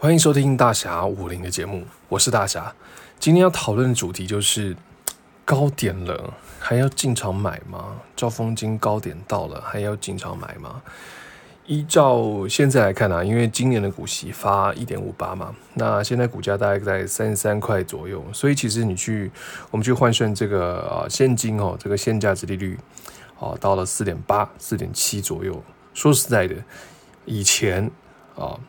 歡迎收聽大俠武林的節目，我是大俠。今天要討論的主題就是高點了，還要進場買嗎？兆豐金高點到了，還要進場買嗎？依照現在來看啊，因為今年的股息發一點五八嘛，那現在股價大概在三十三塊左右，所以其實你去我們去換算這個啊、呃、現金哦，這個現金殖利率哦、呃，到了四點八、四點七左右。說實在的，以前啊。呃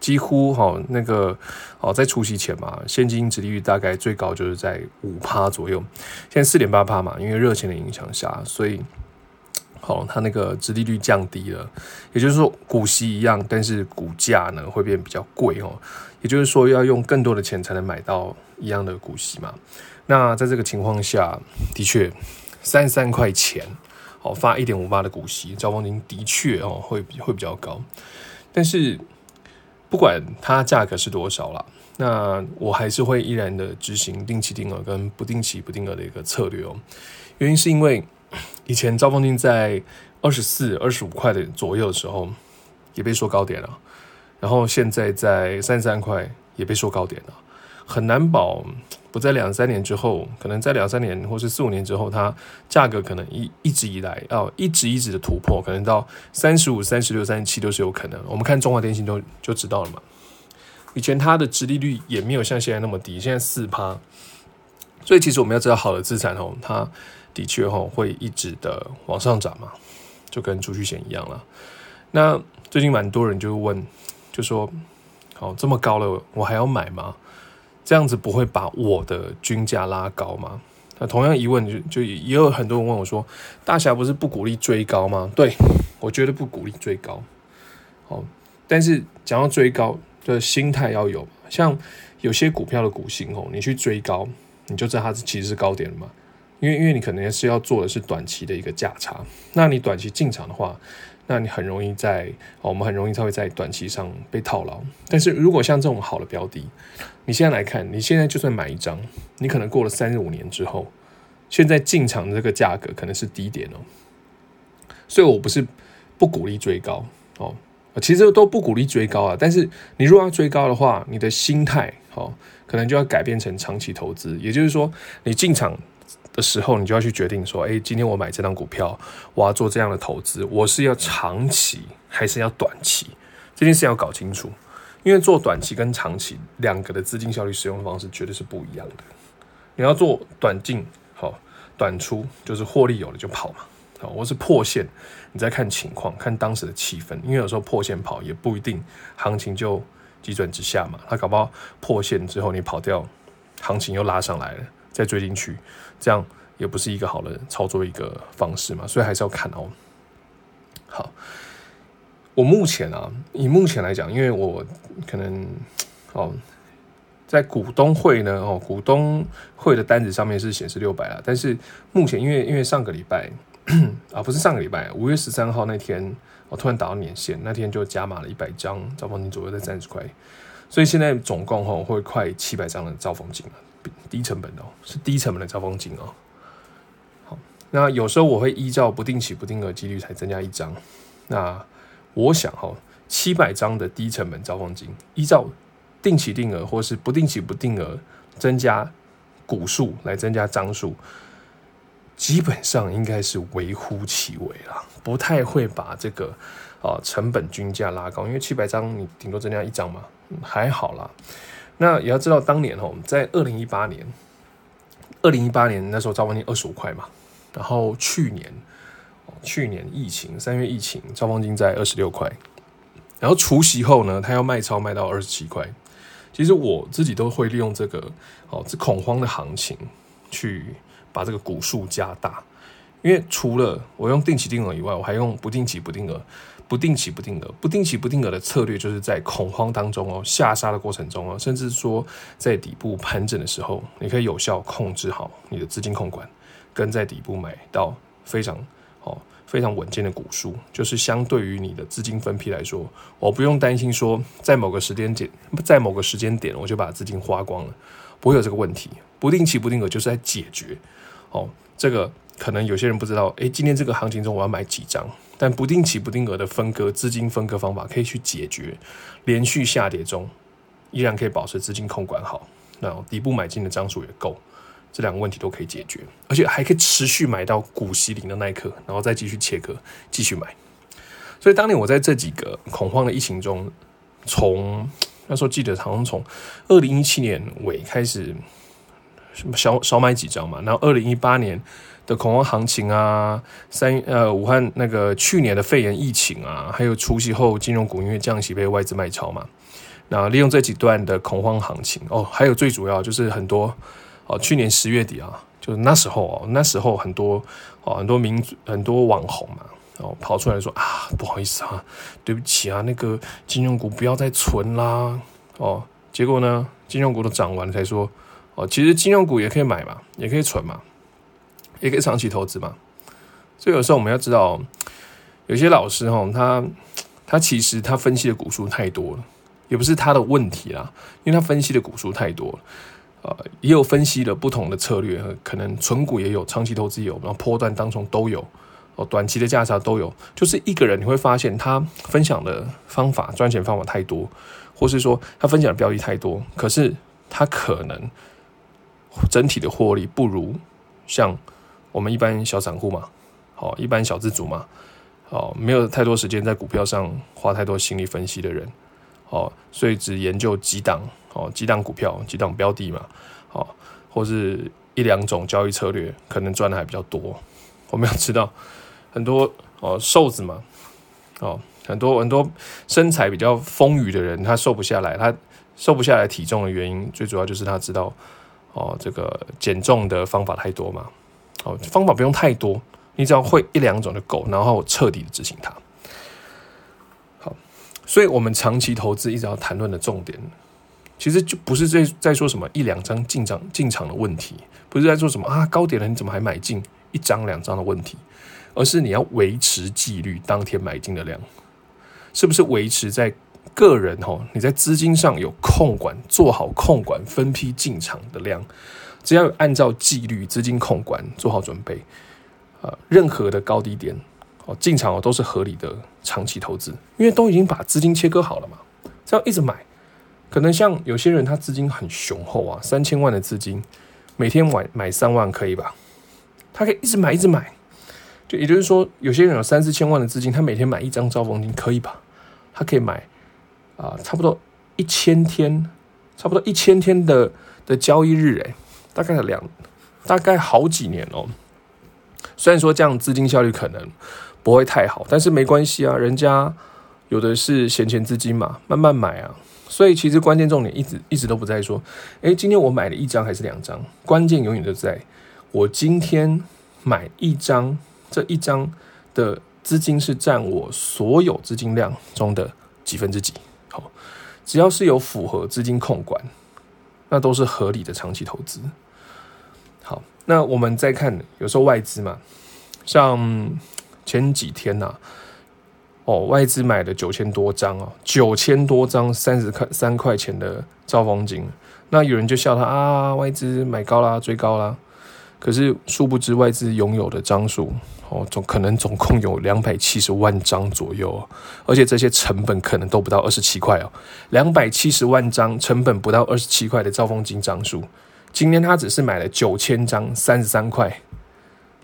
幾乎哈、哦、那個哦，在除夕前嘛，現金殖利率大概最高就是在五趴左右，現在四點八趴嘛，因為熱錢的影響下，所以哦，它那個殖利率降低了，也就是說股息一樣，但是股價呢會變比較貴哦，也就是說要用更多的錢才能買到一樣的股息嘛。那在這個情況下，的確三十三塊錢哦發一點五八的股息，兆豐金的確哦會會比較高，但是。不管它價格是多少了，那我還是會依然的執行定期定額跟不定期不定額的一個策略哦、喔。原因是因為以前兆豐金在二十四、二十五塊的左右的時候也被說高點了，然後現在在三十三塊也被說高點了。很難保不在兩三年之後，可能在兩三年或是四五年之後，它價格可能一一直以來哦，一直一直的突破，可能到三十五、三十六、三十七都是有可能。我們看中華電信就就知道了嘛，以前它的殖利率也沒有像現在那麼低，現在四趴。所以其實我們要知道，好的資產哦，它的確哦會一直的往上漲嘛，就跟儲蓄險一樣了。那最近蠻多人就問，就說哦這麼高了，我還要買嗎？這樣子不會把我的均價拉高嗎？那同樣疑問就就也有很多人問我說：“大俠不是不鼓勵追高嗎？”對，我絕對不鼓勵追高。好，但是講到追高的心態要有，像有些股票的股性哦，你去追高，你就知道它是其實是高點了嘛。因為因為你可能也是要做的是短期的一個價差，那你短期進場的話。那你很容易在，我們很容易才會在短期上被套牢。但是如果像這種好的標的，你現在來看，你現在就算買一張，你可能過了三十五年之後，現在進場的這個價格可能是低點哦。所以我不是不鼓勵追高哦，其實都不鼓勵追高啊。但是你如果要追高的話，你的心態哦，可能就要改變成長期投資，也就是說你進場。的時候，你就要去決定說，哎，今天我買這張股票，我要做這樣的投資，我是要長期還是要短期？這件事要搞清楚，因為做短期跟長期兩個的資金效率使用方式絕對是不一樣的。你要做短進，好，短出就是獲利有了就跑嘛，好，我是破線，你再看情況，看當時的氣氛，因為有時候破線跑也不一定，行情就急轉直下嘛，他搞不好破線之後你跑掉，行情又拉上來了。再追進去，這樣也不是一個好的操作一個方式嘛，所以還是要看哦。好，我目前啊，以目前來講，因為我可能哦，在股東會呢哦，股東會的單子上面是顯示六百了，但是目前因為因為上個禮拜啊，不是上個禮拜五月十三號那天，我突然打到年線，那天就加碼了一百張兆豐金左右在三十塊，所以現在總共會快七百張的兆豐金。低成本的，是低成本的招風金。好，那有時候我會依照不定期不定額幾率才增加一張。那我想哈，七百張的低成本招風金，依照定期定額或是不定期不定額增加股數來增加張數，基本上應該是微乎其微，不太會把這個啊成本均價拉高，因為七百張你頂多增加一張嘛，還好啦。那也要知道，當年齁在二零一八年，二零一八年那時候兆豐金二十五塊嘛，然後去年，去年疫情三月疫情，兆豐金在二十六塊，然後除息後呢，他要賣超賣到二十七塊。其實我自己都會利用這個哦，這恐慌的行情去把這個股數加大，因為除了我用定期定額以外，我還用不定期不定額。不定期不定額，不定期不定額的策略，就是在恐慌當中哦，下殺的過程中哦，甚至說在底部盤整的時候，你可以有效控制好你的資金控管，跟在底部買到非常哦，非常穩健的股數，就是相對於你的資金分批來說，我不用擔心說在某個時間點，在某個時間點我就把資金花光了，不會有這個問題。不定期不定額就是在解決，哦，這個可能有些人不知道，欸，今天這個行情中我要買幾張。但不定期、不定額的分割資金分割方法可以去解決，連續下跌中依然可以保持資金控管好，然後底部買進的張數也夠，這兩個問題都可以解決，而且還可以持續買到股息零的那一刻，然後再繼續切割，繼續買。所以當年我在這幾個恐慌的疫情中，從那時候記得，好像從二零一七年尾開始，什麼少少買幾張嘛，然後二零一八年。的恐慌行情啊，三呃武漢那個去年的肺炎疫情啊，還有除息後金融股因為降息被外資賣超嘛。那利用這幾段的恐慌行情哦，還有最主要就是很多哦，去年十月底啊，就是那時候哦，那時候很多哦，很多民族很多網紅嘛哦，跑出來說啊，不好意思啊，對不起啊，那個金融股不要再存啦哦。結果呢，金融股都漲完了才說哦，其實金融股也可以買嘛，也可以存嘛。也可以長期投資嘛，所以有時候我們要知道，有些老師他他其實他分析的股數太多了，也不是他的問題啦，因為他分析的股數太多了，呃，也有分析的不同的策略，可能存股也有，長期投資也有，然後波段、當沖都有，短期的價差都有，就是一個人你會發現他分享的方法、賺錢方法太多，或是說他分享的標的太多，可是他可能整體的獲利不如像。我們一般小散戶嘛，好，一般小資族嘛，好，沒有太多時間在股票上花太多心理分析的人，哦，所以只研究幾檔，哦，幾檔股票，幾檔標的嘛，哦，或是一兩種交易策略，可能賺的還比較多。我們要知道，很多哦瘦子嘛，哦，很多很多身材比較豐腴的人，他瘦不下來，他瘦不下來體重的原因，最主要就是他知道哦這個減重的方法太多嘛。方法不用太多，你只要會一兩種就夠，然後徹底的執行它。好，所以我們長期投資一直要談論的重點，其實就不是在說什麼一兩張進場進場的問題，不是在說什麼啊，高點了你怎麼還買進一張兩張的問題，而是你要維持紀律，當天買進的量是不是維持在個人，你在資金上有控管，做好控管，分批進場的量。只要按照紀律、資金控管做好準備，啊、呃，任何的高低點哦進場哦都是合理的長期投資，因為都已經把資金切割好了嘛。這樣一直買，可能像有些人他資金很雄厚啊，三千萬的資金，每天買買三萬可以吧？他可以一直買一直買，就也就是說，有些人有三四千萬的資金，他每天買一張兆豐金可以吧？他可以買啊、呃，差不多一千天，差不多一千天的的交易日、欸，誒。大概兩，大概好幾年哦。雖然說這樣資金效率可能不會太好，但是沒關係啊，人家有的是閒錢資金嘛，慢慢買啊。所以其實關鍵重點一直一直都不在說，誒，今天我買了一張還是兩張？關鍵永遠都在我今天買一張，這一張的資金是佔我所有資金量中的幾分之幾？好，只要是有符合資金控管，那都是合理的長期投資。那我們再看，有時候外資嘛，像前幾天吶，啊，哦，外資買了九千多張哦，九千多張三十塊三塊錢的兆豐金，那有人就笑他啊，外資買高啦，追高啦。可是殊不知外資擁有的張數哦，總可能總共有兩百七十萬張左右，而且這些成本可能都不到二十七塊哦，兩百七十萬張成本不到二十七塊的兆豐金張數。今天他只是買了九千張，三十三塊。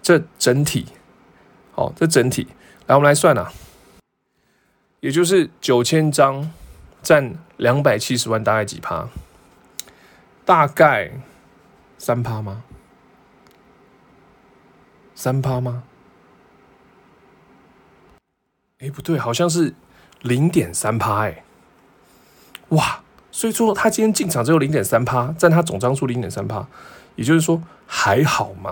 這整體，哦，這整體，來我們來算啊，也就是九千張佔兩百七十萬大，大概幾趴？大概三趴嗎？三趴嗎、欸？誒不對，好像是零點三趴，哎、欸，哇！所以說，他今天進場只有零點三趴，占他總張數零點三趴，也就是說還好嘛。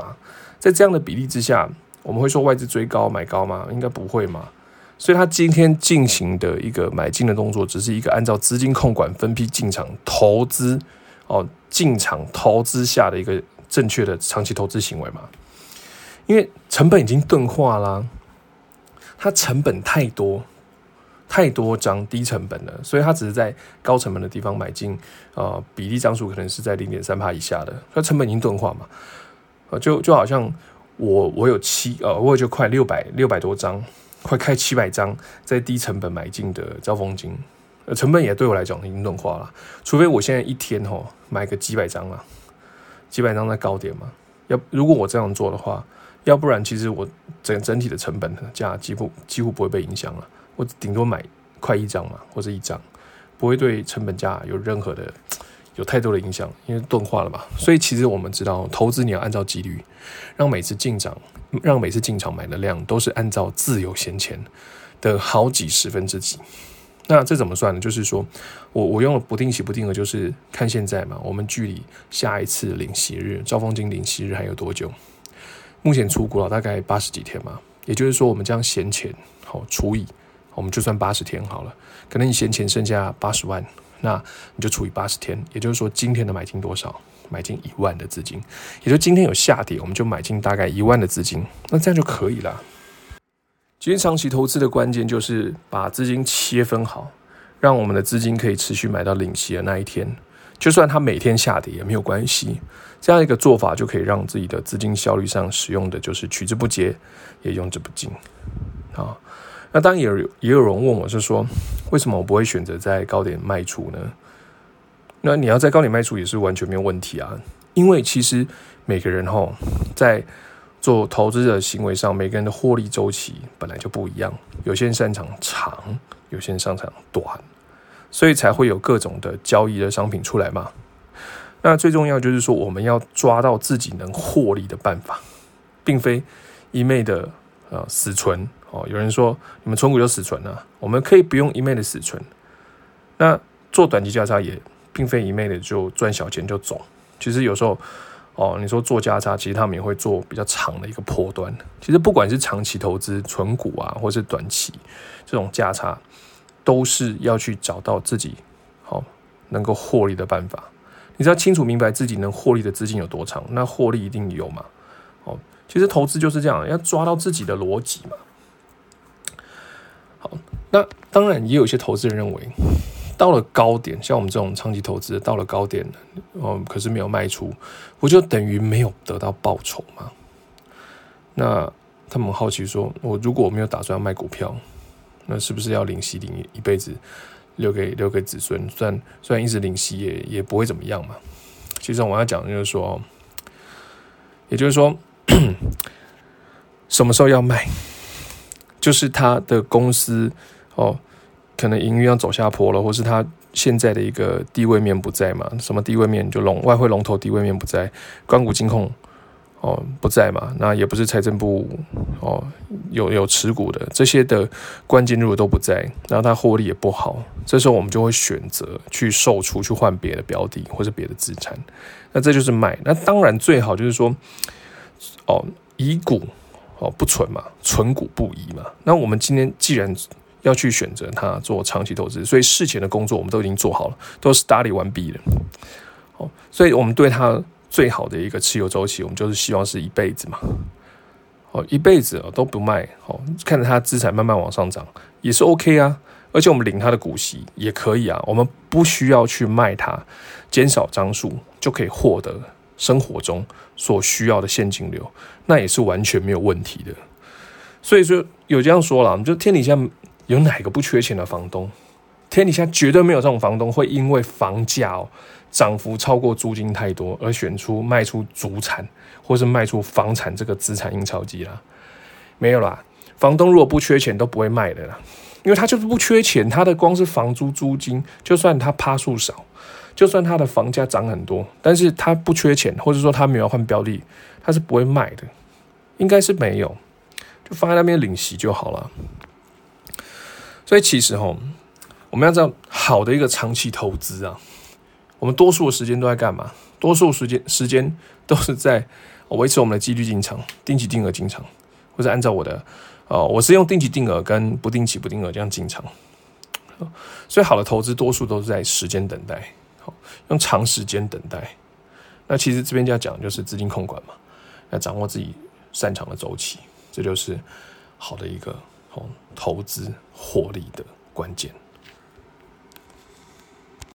在這樣的比例之下，我們會說外資追高買高嗎？應該不會嘛。所以他今天進行的一個買進的動作，只是一個按照資金控管分批進場投資哦，進場投資下的一個正確的長期投資行為嘛。因為成本已經鈍化啦，它成本太多。太多張低成本的，所以它只是在高成本的地方買進，呃，比例張數可能是在零點三趴以下的，它成本已經鈍化嘛。呃，就就好像我我有七呃，我也就快六百六百多張，快開七百張，在低成本買進的兆豐金，呃，成本也對我來講已經鈍化了。除非我現在一天吼買個幾百張啦，幾百張在高點嘛。要如果我這樣做的話，要不然其實我整整體的成本價幾乎幾乎不會被影響了。我頂多買快一張嘛，或者一張，不會對成本價有任何的、有太多的影響，因為鈍化了嘛。所以其實我們知道，投資你要按照紀律，讓每次進場，讓每次進場買的量都是按照自由閒錢的好幾十分之幾。那這怎麼算呢？就是說我我用的不定期不定額就是看現在嘛，我們距離下一次領息日，兆豐金領息日還有多久？目前出國了大概八十幾天嘛，也就是說我們將閒錢好除以。我們就算八十天好了，可能你閒錢剩下八十萬，那你就除以八十天，也就是說今天的買進多少？買進一萬的資金，也就是今天有下跌，我們就買進大概一萬的資金，那這樣就可以了。今天長期投資的關鍵就是把資金切分好，讓我們的資金可以持續買到領息的那一天，就算它每天下跌也沒有關係。這樣一個做法就可以讓自己的資金效率上使用的就是取之不竭，也用之不盡，啊。那當然也有也有人問我是說，為什麼我不會選擇在高點賣出呢？那你要在高點賣出也是完全沒有問題啊，因為其實每個人吼在做投資的行為上，每個人的獲利週期本來就不一樣，有些人擅長長，有些人擅長短，所以才會有各種的交易的商品出來嘛。那最重要就是說，我們要抓到自己能獲利的辦法，並非一昧的呃、啊、死存。哦，有人說你們存股就死存啊？我們可以不用一昧的死存。那做短期價差也並非一昧的就賺小錢就走。其實有時候，哦，你說做價差，其實他們也會做比較長的一個波段。其實不管是長期投資存股啊，或是短期這種價差，都是要去找到自己哦能夠獲利的辦法。你只要清楚明白自己能獲利的資金有多長，那獲利一定有嘛。哦，其實投資就是這樣，要抓到自己的邏輯嘛。那當然，也有一些投資人認為，到了高點，像我們這種長期投資到了高點，哦，可是沒有賣出，不就等於沒有得到報酬嗎？那他們好奇說，我如果我沒有打算賣股票，那是不是要領息領一輩子，留給留給子孫？雖然雖然一直領息也也不會怎麼樣嘛。其實我要講的就是說，也就是說， 什麼時候要賣，就是他的公司。哦，可能盈餘要走下坡了，或是它現在的一個地位面不在嘛？什麼地位面就龍外匯龍頭地位面不在，官股金控哦不在嘛？那也不是財政部哦有有持股的這些的關鍵，如果都不在，然後它獲利也不好，這時候我們就會選擇去售出去換別的標的或是別的資產，那這就是賣。那當然最好就是說哦，移股哦不存嘛，存股不移嘛。那我們今天既然，要去選擇它做長期投資，所以事前的工作我們都已經做好了，都是打理完畢了。哦，所以我們對他最好的一個持有週期，我們就是希望是一輩子嘛。一輩子都不賣，看着它資產慢慢往上漲也是 OK 啊。而且我們領他的股息也可以啊，我們不需要去賣它，減少張數就可以獲得生活中所需要的現金流，那也是完全沒有問題的。所以說有這樣說了，我們就天底下。有哪個不缺錢的房東？天底下絕對沒有這種房東會因為房價哦漲幅超過租金太多而選出賣出主產或是賣出房產這個資產印鈔機啦。沒有啦，房東如果不缺錢都不會賣的啦，因為他就是不缺錢，他的光是房租租金，就算他趴數少，就算他的房價漲很多，但是他不缺錢，或者說他沒有換標的，他是不會賣的，應該是沒有，就放在那邊領息就好了。所以其實哦，我們要知道好的一個長期投資啊，我們多數的時間都在幹嘛？多數時間時間都是在維持我們的紀律進場、定期定額進場，或者按照我的，呃，我是用定期定額跟不定期不定額這樣進場。所以好的投資多數都是在時間等待，好用長時間等待。那其實這邊就要講就是資金控管嘛，要掌握自己擅長的週期，這就是好的一個。投資獲利的關鍵。